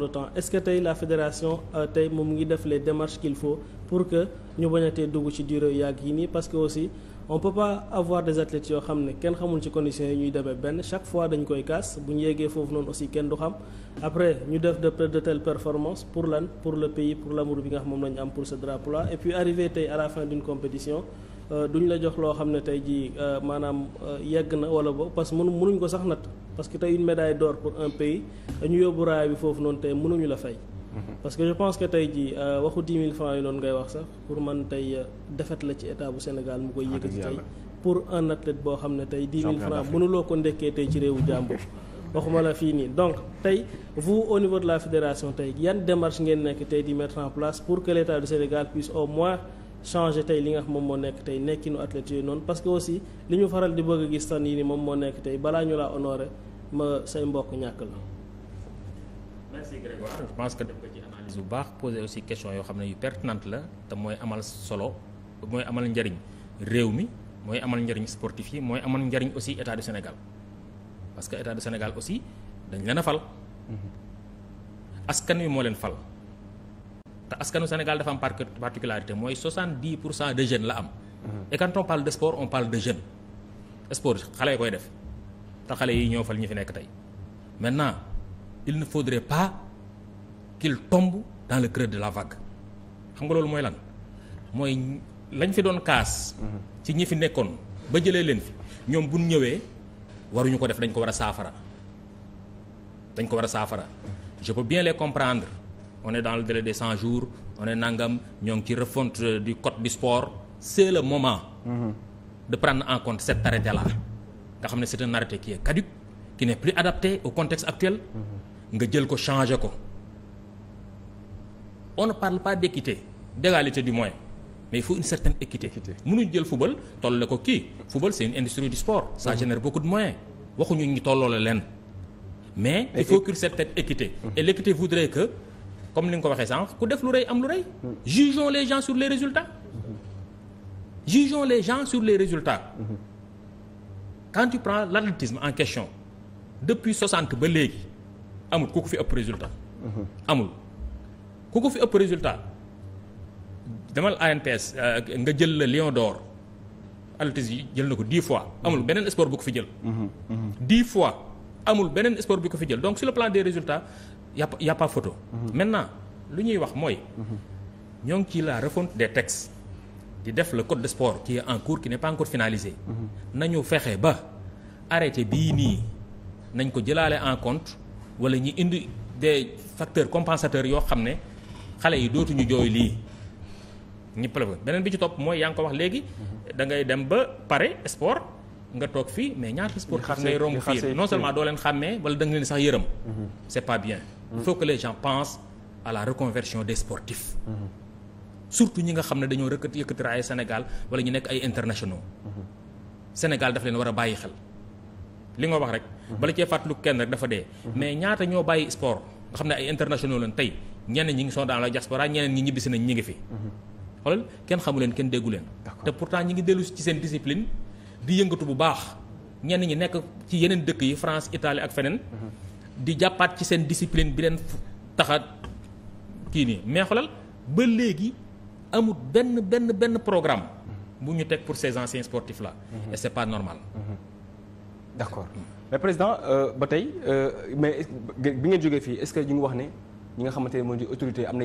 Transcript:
le temps est-ce que tey la fédération euh, tey moom ngi def les démarches qu'il faut pour que ñu bañ dugg ci durée yàgg yi nii parce que aussi on peut pas avoir des athlètes yoo xam ne kenn xamul ci conditions yi ñuy demee benn chaque fois dañ koy kaas bu ñu yeggee foofu noonu aussi kenn du xam après ñu def de de pour lan pour le pays pour l'amour bi nga moom la am pour ce drapeau là et puis arrivé tey à d'une compétition Euh, duñu la jox loo xam ne tey jii euh, maanaam euh, yegg na wala bo parce que mënu mënuñ ko sax nat parce que tey une médaille d'or pour un pays ñu yóbbu raay bi foofu noonu tey mënuñu la fay. Mhm. parce que je pense que tey jii waxu 10 000 francs yi noonu ngay wax sax pour man tey defet la ci état bu Sénégal mu koy yëkkati tey pour un athlète boo xam ne tey 10 000 francs mënuloo ko ndekkee tey ci réewu jàmbur. waxuma la fii nii donc tey vous au niveau de la fédération tey yan démarche ngeen nekk tey di mettre pour que Sénégal au moins. changer tey li nga xam moom moo nekk tey nekkinu athlètes yooyu noonu parce que aussi li ñu faral di bëgg a gis tan yi ni moom moo nekk tey balaa ñu laa honoré ma say mbokk ñàkk la. merci Grégoire bu baax poser aussi question yoo xam ne yu pertinente la te mooy amal solo mooy amal njariñ réew mi mooy amal njariñ sportif yi mooy amal njariñ aussi état du Sénégal parce que état du Sénégal aussi dañ leen a fal. Mm-hmm. askan wi moo leen fal. te askanu Sénégal dafa am particularité mooy 70 pour cent de jeunes la am. Mhm. et quand on parle de sport on parle de jeunes. sport xale yi koy def te xale yi ñoo fal ñi fi nekk tey maintenant il ne pas qu'il tombe dans le creux de la vague xam nga loolu mooy lan mooy fi doon kaas. Mhm. ci ñi fi nekkoon ba jëlee leen fi ñoom bu ñëwee waruñu ko def dañ ko war a saafara dañ ko war a saafara je peux bien les comprendre. on est dans le délai des 100 jours on est nangam ñoo ngi ci refonte du code du sport c'est le moment mmh. de prendre en compte cet arrêté la nga xam ne c'est un arrêté qui est caduc qui n'est plus adapté au contexte actuel nga jël ko changer ko on ne parle par d'équité d'égalité du moins mais il faut une certaine équité mënuñ jël football tollale ko kii football c'est une industrie du sport ça mhm. génère beaucoup de moyens waxuñu ñu tolloole leen mais il faut que cette équité et l'équité comme ni nga ko waxee sànq ku def lu rëy am lu rëy. jugeons les gens sur les résultats. jugeons les gens sur les résultats. quand tu prends l'athlétisme en question depuis 60 ba léegi amul ku ko fi ëpp résultat. amul ku ko fi ëpp résultat demal ANPS euh, nga jël la Lion d'or athlétisme yi jël na ko 10 fois. amul beneen sport bu ko fi jël. 10 mhm. mhm. fois amul beneen sport bu ko fi jël donc sur le plan des résultats y' a y' a photo. Mhm. maintenant lu ñuy wax mooy. Mhm. ñoo ngi ci la refonte des textes di def la code de sport ci en cours qui n'est pas encore finalisé. Mhm. nañu ba arrêté bii nii nañ ko jëlaale en compte wala ñu indi des facteurs compensateurs yoo xam ne xale yi dootuñu jooy lii. ñëpp la beneen bi ci topp mooy yaa ngi ko wax léegi da ngay dem ba pare sport nga toog fii mais ñaata sport. xam ngay romb fii non seulement doo leen xàmmee wala da nga leen sax yërëm. c'est pas bien. il faut que les gens pensent à la reconversion des sportifs. surtout ñi nga xam ne dañoo rëkkat yëkkati raay Sénégal wala ñu nekk ay internationaux. Sénégal daf leen wara bàyyi xel. li nga wax rek. bala cee lu kenn rek dafa dee. mais ñaata ñoo bàyyi sport nga xam ne ay internationaux lañ tey ñenn ñi ngi sont dans la diaspora ñeneen ñi ñibbisi nañ ñi ngi fi. xoolal kenn xamu leen kenn déggu leen. te pourtant ñi ngi dellu ci seen discipline di yëngatu bu baax ñenn ñi nekk ci yeneen dëkk yi France Italie ak feneen. di jàppaat ci seen discipline bi leen taxa kii nii mais xoolal ba léegi amul benn benn benn programme bu ñu teg pour ces anciens sportifs là. Mhm. et c'est pas normal. Mhm. d'accord mais président euh, ba tey euh, mais bi ngeen jógee fii est-ce que ñu ngi wax ne ñi nga xamante ne di autorité am na